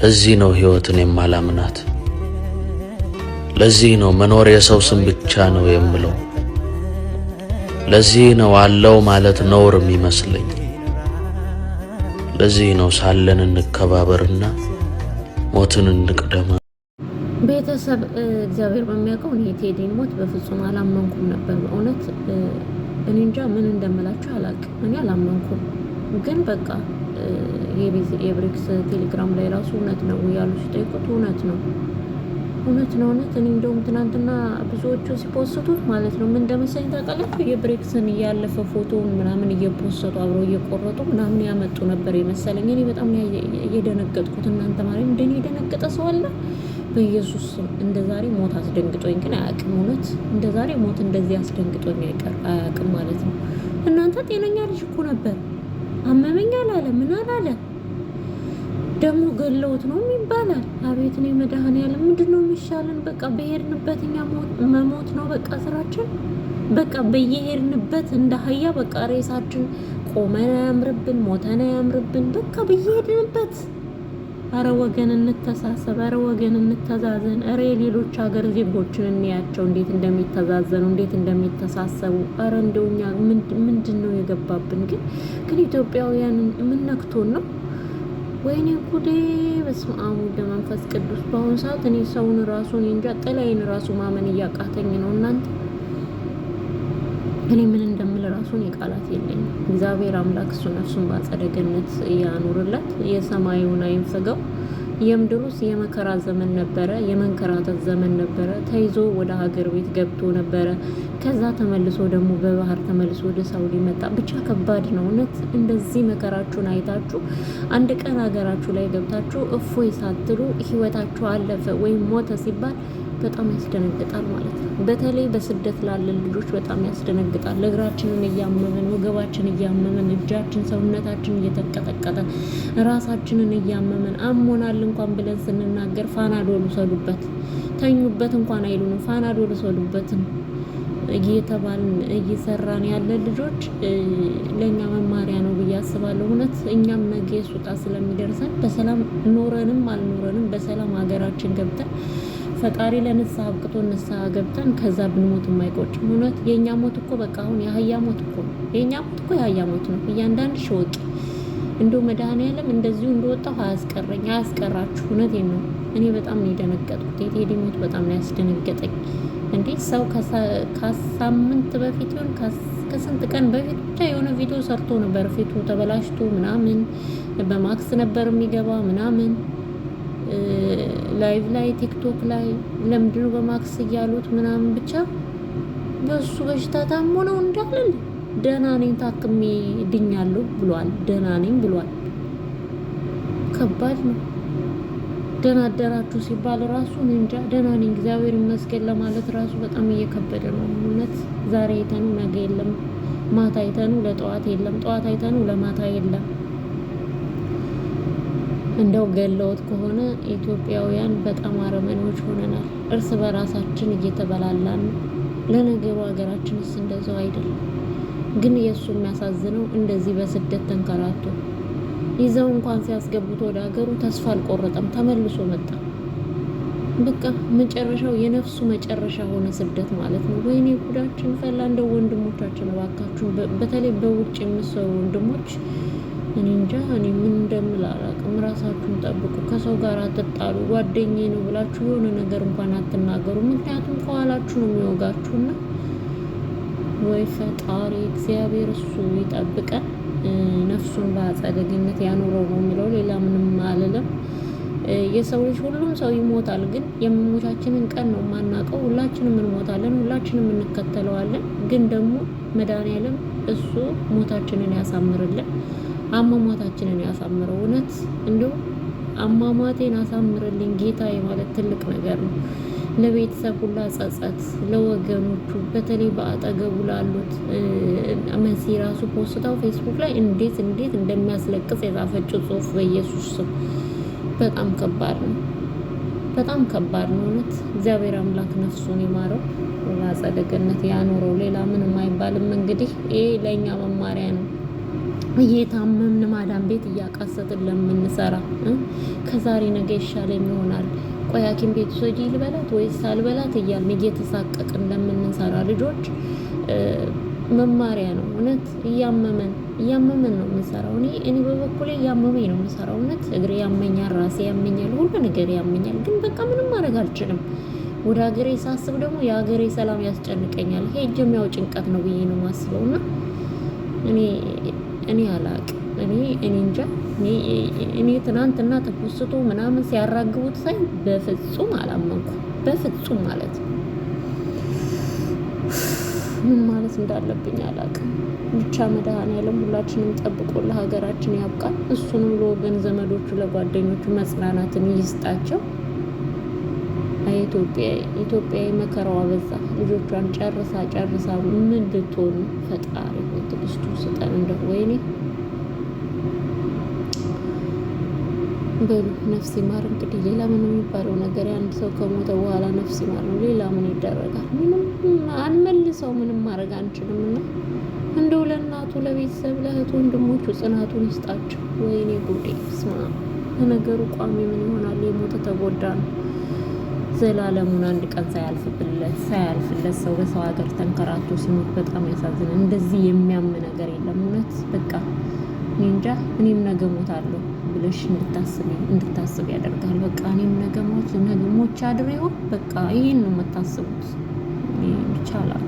ለዚህ ነው ሕይወትን የማላምናት። ለዚህ ነው መኖር የሰው ስም ብቻ ነው የምለው። ለዚህ ነው አለው ማለት ነውር የሚመስለኝ። ለዚህ ነው ሳለን እንከባበርና ሞትን እንቅደመ። ቤተሰብ እግዚአብሔር በሚያውቀው እኔ ቴዲን ሞት በፍጹም አላመንኩም ነበር። በእውነት እኔ እንጃ ምን እንደምላችሁ አላውቅም። እኔ አላመንኩም። ግን በቃ የብሪክስ ቴሌግራም ላይ ራሱ እውነት ነው ያሉ ሲጠይቁት እውነት ነው እውነት ነው እውነት። እኔ እንደውም ትናንትና ብዙዎቹ ሲፖስቱት ማለት ነው ምን እንደመሰለኝ ታውቃላችሁ? የብሬክስን እያለፈ ፎቶውን ምናምን እየፖሰቱ አብረው እየቆረጡ ምናምን ያመጡ ነበር የመሰለኝ። እኔ በጣም የደነገጥኩት እናንተ ማለት እንደኔ የደነገጠ ሰው አለ? በኢየሱስ እንደ ዛሬ ሞት አስደንግጦኝ ግን አያውቅም። እውነት እንደ ዛሬ ሞት እንደዚህ አስደንግጦኝ አይቀር አያውቅም ማለት ነው። እናንተ ጤነኛ ልጅ እኮ ነበር አመመኝ አላለ ምን አላለ። ደግሞ ገለውት ነው ይባላል። አቤት እኔ መድኃኒዓለም ምንድን ነው የሚሻለን? በቃ በሄድንበት እኛ መሞት ነው በቃ ስራችን። በቃ በየሄድንበት እንደ አህያ በቃ ሬሳችን ቆመን አያምርብን፣ ሞተን አያምርብን። በቃ በየሄድንበት አረ ወገን እንተሳሰብ፣ አረ ወገን እንተዛዘን፣ አረ የሌሎች ሀገር ዜጎችን እንያቸው እንዴት እንደሚተዛዘኑ እንዴት እንደሚተሳሰቡ። አረ እንደው እኛ ምንድን ነው የገባብን? ግን ግን ኢትዮጵያውያን ምን ነው? ወይኔ ጉዴ! በስመ አብ ወወልድ ወመንፈስ ቅዱስ። በአሁኑ ሰዓት እኔ ሰውን ራሱን እንጃ ጥላዬን ራሱ ማመን እያቃተኝ ነው እናንተ እኔ ምን እንደምል ራሱን የቃላት የለኝ። እግዚአብሔር አምላክ እሱ ነፍሱን ባጸደ ገነት የሰማዩን አይንፈገው። የምድሩስ የመከራ ዘመን ነበረ፣ የመንከራተት ዘመን ነበረ። ተይዞ ወደ ሀገር ቤት ገብቶ ነበረ። ከዛ ተመልሶ ደግሞ በባህር ተመልሶ ወደ ሳውዲ መጣ። ብቻ ከባድ ነው እውነት። እንደዚህ መከራችሁን አይታችሁ አንድ ቀን ሀገራችሁ ላይ ገብታችሁ እፎይ ሳትሉ ህይወታችሁ አለፈ ወይም ሞተ ሲባል በጣም ያስደነግጣል ማለት ነው። በተለይ በስደት ላለን ልጆች በጣም ያስደነግጣል። እግራችንን እያመመን፣ ወገባችን እያመመን፣ እጃችን ሰውነታችን እየተቀጠቀጠ ራሳችንን እያመመን አሞናል እንኳን ብለን ስንናገር ፋናዶል ውሰዱበት፣ ተኙበት እንኳን አይሉንም። ፋናዶል ውሰዱበትን እየተባልን እየሰራን ያለን ልጆች ለእኛ መማሪያ ነው ብዬ አስባለሁ። እውነት እኛም ነገ ሱጣ ስለሚደርሰን በሰላም ኖረንም አልኖረንም በሰላም ሀገራችን ገብተን ፈጣሪ ለንስሐ አብቅቶ ንስሐ ገብተን ከዛ ብንሞት የማይቆጭ እውነት። የእኛ ሞት እኮ በቃ አሁን የአህያ ሞት እኮ ነው። የእኛ ሞት እኮ የአህያ ሞት ነው። እያንዳንድ ሽወቂ እንዶ መድኃኔዓለም እንደዚሁ እንደወጣሁ አያስቀረኝ፣ አያስቀራችሁ። እውነት ነው። እኔ በጣም ነው የደነገጥኩት። የቴዲ ሞት በጣም ነው ያስደነገጠኝ። እንዴ ሰው ከሳምንት በፊት ይሆን ከስንት ቀን በፊት ብቻ የሆነ ቪዲዮ ሰርቶ ነበር። ፊቱ ተበላሽቶ ምናምን በማክስ ነበር የሚገባ ምናምን ላይቭ ላይ ቲክቶክ ላይ ለምንድነው በማክስ እያሉት ምናምን ብቻ በሱ በሽታ ታሞ ነው እንዳለን ደህና ነኝ ታክሜ ድኛለሁ ብሏል። ደህና ነኝ ብሏል። ከባድ ነው። ደህና አደራችሁ ሲባል ራሱ እንጃ ደህና ነኝ እግዚአብሔር ይመስገን ለማለት ራሱ በጣም እየከበደ ነው። እውነት ዛሬ አይተኑ ነገ የለም፣ ማታ አይተኑ ለጠዋት የለም፣ ጠዋት አይተኑ ለማታ የለም። እንደው ገለውት ከሆነ ኢትዮጵያውያን በጣም አረመኔዎች ሆነናል። እርስ በራሳችን እየተበላላን ለነገሩ ሀገራችንስ እንደዛው አይደለም። ግን የእሱ የሚያሳዝነው እንደዚህ በስደት ተንከራቶ ይዘው እንኳን ሲያስገቡት ወደ ሀገሩ ተስፋ አልቆረጠም፣ ተመልሶ መጣ። በቃ መጨረሻው የነፍሱ መጨረሻ ሆነ ስደት ማለት ነው። ወይኔ ጉዳችን ፈላ። እንደው ወንድሞቻችን እባካችሁ፣ በተለይ በውጭ የምሰሩ ወንድሞች እኔ እንጃ እኔ ምን እንደምል አላውቅም። ራሳችሁን ጠብቁ፣ ከሰው ጋር አትጣሉ። ጓደኛዬ ነው ብላችሁ የሆነ ነገር እንኳን አትናገሩ፣ ምክንያቱም ከኋላችሁ ነው የሚወጋችሁና ወይ ፈጣሪ እግዚአብሔር እሱ ይጠብቀን፣ ነፍሱን በአጸደ ገነት ያኑረው ነው የሚለው። ሌላ ምንም አልልም። የሰው ልጅ ሁሉም ሰው ይሞታል፣ ግን የመሞታችንን ቀን ነው የማናውቀው። ሁላችንም እንሞታለን፣ ሁላችንም እንከተለዋለን። ግን ደግሞ መድኃኔዓለም እሱ ሞታችንን ያሳምርልን። አሟሟታችንን ያሳምረው። እውነት እንዲሁ አሟሟቴን አሳምርልኝ ጌታዬ ማለት ትልቅ ነገር ነው። ለቤተሰብ ሁላ ጸጸት፣ ለወገኖቹ በተለይ በአጠገቡ ላሉት መሲ ራሱ ፖስታው ፌስቡክ ላይ እንዴት እንዴት እንደሚያስለቅስ የጻፈችው ጽሁፍ በኢየሱስ ስም በጣም ከባድ ነው። በጣም ከባድ ነው እውነት። እግዚአብሔር አምላክ ነፍሱን ይማረው በአጸደ ገነት ያኖረው። ሌላ ምንም አይባልም። እንግዲህ ይሄ ለእኛ መማሪያ ነው። እየታመምን ማዳም ቤት እያቃሰጥን ለምንሰራ ከዛሬ ነገ ይሻለኝ ይሆናል፣ ቆይ ሐኪም ቤት ውሰጂ ልበላት ወይስ አልበላት እያልን እየተሳቀቅን ለምንሰራ ልጆች መማሪያ ነው። እውነት እያመመን እያመመን ነው የምንሰራው። እኔ እኔ በበኩሌ እያመመኝ ነው የምሰራው። እውነት እግሬ ያመኛል፣ ራሴ ያመኛል፣ ሁሉ ነገር ያመኛል። ግን በቃ ምንም ማድረግ አልችልም። ወደ ሀገሬ ሳስብ ደግሞ የሀገሬ ሰላም ያስጨንቀኛል። ሄጅም ያው ጭንቀት ነው ብዬ ነው የማስበው እና እኔ እኔ አላቅ እኔ እኔ እንጃ እኔ ትናንትና ተፖስቶ ምናምን ሲያራግቡት ሳይ በፍጹም አላመንኩ። በፍጹም ማለት ምን ማለት እንዳለብኝ አላቅም። ብቻ መድኃኔዓለም ሁላችንም ጠብቆ ለሀገራችን ያብቃል። እሱንም ለወገን ዘመዶቹ፣ ለጓደኞቹ መጽናናትን ይስጣቸው። ኢትዮጵያ መከራዋ በዛ። ልጆቿን ጨርሳ ጨርሳ ምን ልትሆኑ? ፈጣሪ ሆይ ስጠን። እንደ ወይኔ በሉ ነፍስ ይማር። እንግዲህ ሌላ ምን የሚባለው ነገር አንድ ሰው ከሞተ በኋላ ነፍስ ይማር ነው። ሌላ ምን ይደረጋል? ምንም አንመልሰው፣ ምንም ማድረግ አንችልም። እና እንደው ለእናቱ ለቤተሰብ፣ ለእህቱ ወንድሞቹ ጽናቱን ይስጣቸው። ወይኔ ጉዴ ስማ። ለነገሩ ቋሚ ምን ይሆናል? የሞተ ተጎዳ ነው። ዘላለሙን አንድ ቀን ሳያልፍለት ሳያልፍለት ሰው በሰው ሀገር ተንከራቶ ሲሞት በጣም ያሳዝነ እንደዚህ የሚያም ነገር የለም። እውነት በቃ እንጃ እኔም ነገ ሞታለሁ ብለሽ እንድታስብ ያደርጋል። በቃ እኔም ነገ ሞት ነገ አድሬው በቃ ይህን ነው የምታስቡት። ይቻላል